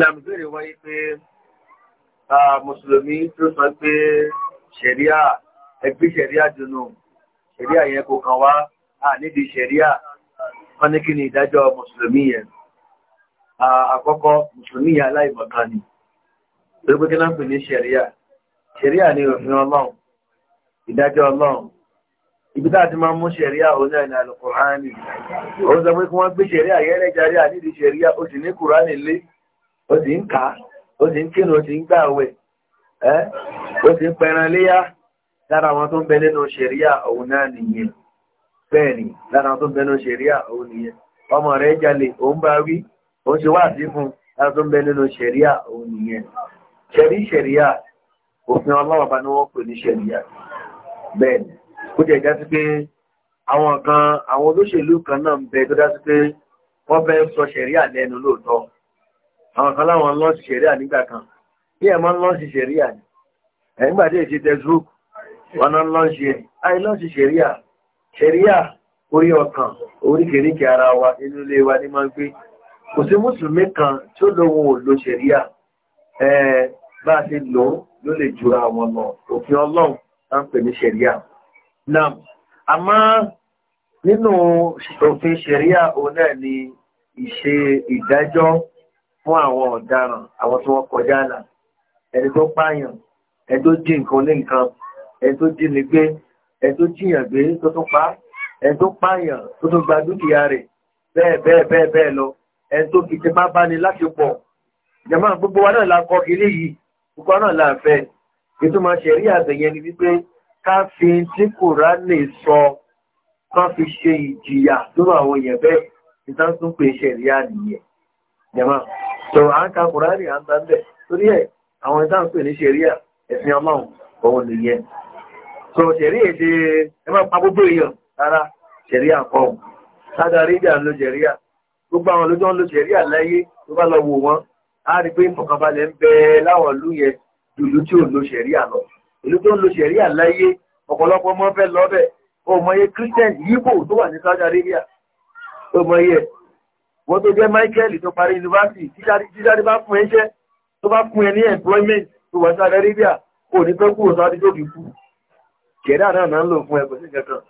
nàbìbèrè wáyé pé mùsùlùmí tó sọ pé ṣẹ̀ríà ẹgbẹ́ ṣẹ̀ríà dùnú ṣẹ̀ríà yẹn kò kàn wá à nídìí ṣẹ̀ríà wọ́n ní kí ni ìdájọ́ mùsùlùmí yẹn àkọ́kọ́ mùsùlùmí yẹn aláìmọ̀kan ni torí pé kí náà pè ní ṣẹ̀ríà ṣẹ̀ríà ni òfin ọlọ́run ìdájọ́ ọlọ́run ibi tá a ti máa mú ṣẹ̀ríà òun náà ní alùkùránì òun sọ pé kí wọ́n gbé ṣẹ̀ríà yẹn lẹ́jàrí ànídìí ṣẹ̀ríà ó ní kùránì lé ó sì ń kà á ó sì ń kírun ó sì ń gbà wẹ̀ ẹ́ ó sì ń pẹran léyà lára àwọn tó ń bẹ nínú ṣẹ̀ríà òun náà nìyẹn bẹ́ẹ̀ ni lára àwọn tó ń bẹ nínú ṣẹ̀ríà òun nìyẹn ọmọ rẹ̀ jalè òun bá wí òun ṣe wá sí fún lára tó ń bẹ nínú ṣẹ̀ríà òun nìyẹn ṣẹ̀rí ṣẹ̀ríà òfin ọlọ́wọ́ bá wọ́n pè ní ṣẹ̀ríà bẹ́ẹ̀ ni ó jẹ́ ìdásí pé àwọn kan àwọn olóṣèlú kan náà ń bẹ tó dásí pé wọ́n fẹ́ sọ ṣẹ̀ríà lẹ́nu lóòótọ́ àwọn kan láwọn lọ́ọ̀sì ṣẹ̀ríà nígbà kan bí ẹ̀ máa ń lọ́ọ̀sì ṣẹ̀ríà ni ẹ̀yìngbà tí èsì tẹ̀sùk wọn náà lọ́ọ̀sì ẹ̀ àì lọ́ọ̀sì ṣẹ̀ríà ṣẹ̀ríà orí ọkàn oríkèríkè ara wa inú ilé wa ní máa ń gbé kò sí mùsùlùmí kan tí ó lóun ò lo ṣẹ̀ríà ẹ̀ bá a ti lò ó ló lè jura wọn lọ òfin ọlọ́run tá ń pè ní ṣẹ̀ríà náà àmọ́ nínú òfin ṣẹ̀ríà òun náà ni ìṣe ìdájọ́ fún àwọn ọ̀daràn àwọn tí wọ́n kọjá àlà ẹni tó pààyàn ẹni tó jí nǹkan ní nǹkan ẹni tó jí ni gbé ẹni tó jíyàn gbé tó tún pa ẹni tó pààyàn tó tún gba dúkìá rẹ̀ bẹ́ẹ̀ bẹ́ẹ̀ bẹ́ẹ̀ bẹ́ẹ̀ lọ ẹni tó fi ti má bá ní láti pọ̀ jàmáà gbogbo wa náà la kọ kiri yìí gbogbo wa náà la fẹ́ ètò máa ṣe rí àbẹ̀yẹn ni wípé ká fi tí Kùránì sọ ká fi ṣe ìjìyà lórí àwọn èèyàn bẹ́ẹ̀ ìtàn tún pè ṣe rí àníyàn jàmáà tó à ń ka kùránì à ń ta ńlẹ̀ torí ẹ̀ àwọn ìta ń pè ní ṣẹ̀ríà ẹ̀sìn ọlọ́run òun nìyẹn so ṣẹ̀rí èdè ẹ máa pa gbogbo èèyàn rárá ṣẹ̀ríà kọ́ sádàrí ìjà ń lo ṣẹ̀ríà gbogbo àwọn olójó ń lo ṣẹ̀ríà láyé tó bá lọ wò wọ́n á rí pé ìfọ̀kànbalẹ̀ ń bẹ láwọn ìlú yẹn dùlú tí ò lo ṣẹ̀ríà lọ ìlú tó ń lo ṣẹ̀ríà láyé ọ̀pọ̀lọpọ̀ mọ́ fẹ́ lọ́bẹ̀ ọmọ yẹ Christian yíbò tó wà ní Saudi Arabia ọmọ yẹ wọ́n tó jẹ́ michael tó parí yunifásitì tíjáde bá fún ẹṣẹ́ tó bá fún ẹ ní employment tó wà sí arabia kò ní pẹ́ kúrò sáà dídò kíkú kẹ̀dá náà náà ń lò fún ẹgbẹ̀ sí kankan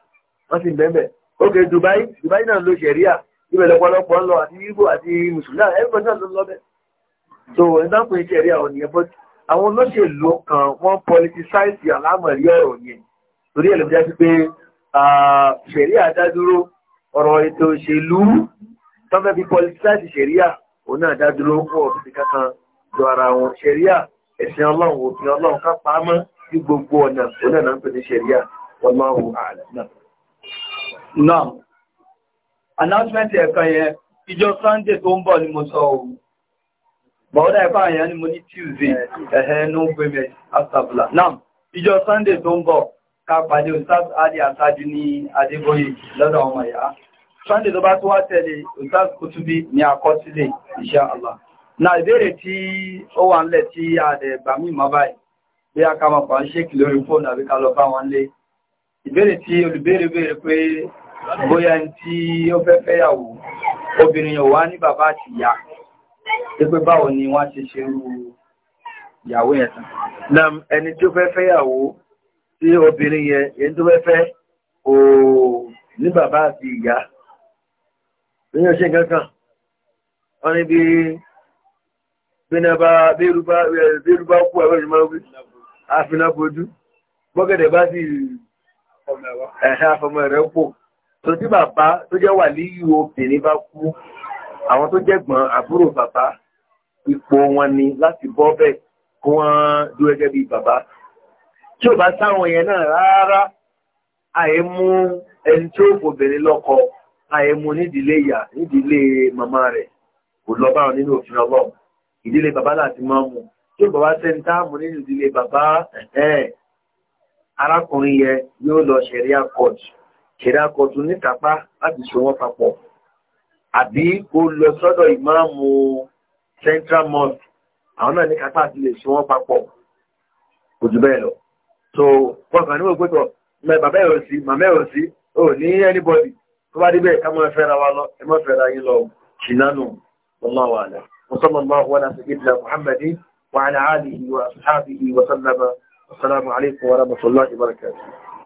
wọ́n sì ń bẹ́ẹ̀ bẹ́ẹ̀ ok dubai dubai náà ló ṣẹ̀ríà ibẹ̀ lọ́pọ̀lọpọ̀ ń lọ àti igbo àti mùsùlùmí ẹgbẹ̀ náà ló ń lọ bẹ́ẹ̀ so ìdáhùn ìṣẹ̀ríà ò nìyẹn bọ́ àwọn olóṣèlú kan wọ́n politicize àlámọ̀rí ọ̀rọ̀ yẹn torí ẹ̀ ló fi já sí pé ah, ṣẹ̀ríà dá dúró ọ̀rọ̀ ètò òṣèlú tọ́fẹ́ bí politicize ṣẹ̀ríà òun náà dádúró wọ̀ fi kankan jọ ara wọn ṣẹ̀ríà ẹ̀sìn ọlọ́run òfin ọlọ́run ká pa á mọ́ sí gbogbo ọ̀nà òun náà ń pè ní ṣẹ̀ríà wọn máa wò ààlẹ̀ náà. náà announcement ẹ̀kan yẹn ìjọ sunday tó ń bọ̀ ni mo sọ ohun bọ̀ọ́dá ẹ̀fà àyà ni mo ní tuesday ẹ̀hẹ́ no payment astabula náà ìjọ sunday tó ń bọ̀ ká pàdé òsáàdì àsájú ní adégbóyè lọ́dọ̀ ọmọ ìyá sunday ló bá tó wá tẹ̀lé ni a ní àkọsílẹ̀ Allah na ìbéèrè tí ó wà nílẹ̀ tí a dẹ̀ gbà mí mọ́ báyìí bí a ká mọ̀ pa ń ṣèkì lórí fóònù àbí ká lọ bá wọn lé ìbéèrè tí olùbéèrè béèrè pé bóyá ẹni tí ó fẹ́ obìnrin yóò wá ní bàbá na ẹni tí ó fẹ́ tí obìnrin yẹn tó fẹ́ fẹ́ lóyún ọ̀ṣẹ́ kankan wọ́n ní bí bínú bá bẹ́ẹ̀rù bá kú àwọn ìrìnmọ́ wí àfinàbójú gbọ́gẹ̀dẹ̀ bá sì ẹ̀ṣẹ́ àfọmọ rẹ̀ pò tó tí bàbá tó jẹ́ wà líyù obìnrin bá kú àwọn tó jẹ́gbọ́n àbúrò bàbá ipò wọn ni láti bọ́ bẹ́ẹ̀ kí wọ́n dúró gẹ́gẹ́ bí bàbá tí ò bá sáwọn yẹn náà rárá àìmú ẹni tí ó fòbìnrin lọ́kọ̀ọ́ àìmú nídìílé ìyà nídìílé màmá rẹ̀ kò lọ bá wọn nínú òfin ọlọ́run ìdílé bàbá láti máa mú tí ó bàbá tẹ́ ń táàmù nínú ìdílé bàbá arákùnrin yẹ yóò lọ ṣẹ̀ríà court ṣẹ̀ríà court níkápá láti so wọ́n papọ̀ àbí kó lọ sọ́dọ̀ ìmáàmù central mosque àwọn náà níkápá àti lè so wọ́n papọ̀ kò jù bẹ́ẹ̀ lọ so wọn kàn ní wọ́n gbẹ́tọ̀ bàbá ẹ̀rọ sí màmá ẹ̀rọ sí ò ní anybody tó bá débẹ̀ ká máa fẹ́ra wa lọ ẹ má fẹ́ra yín lọ ṣìnánù wallahu a'lam وصلى الله على سيدنا محمد وعلى آله وأصحابه وسلم والسلام عليكم ورحمة الله وبركاته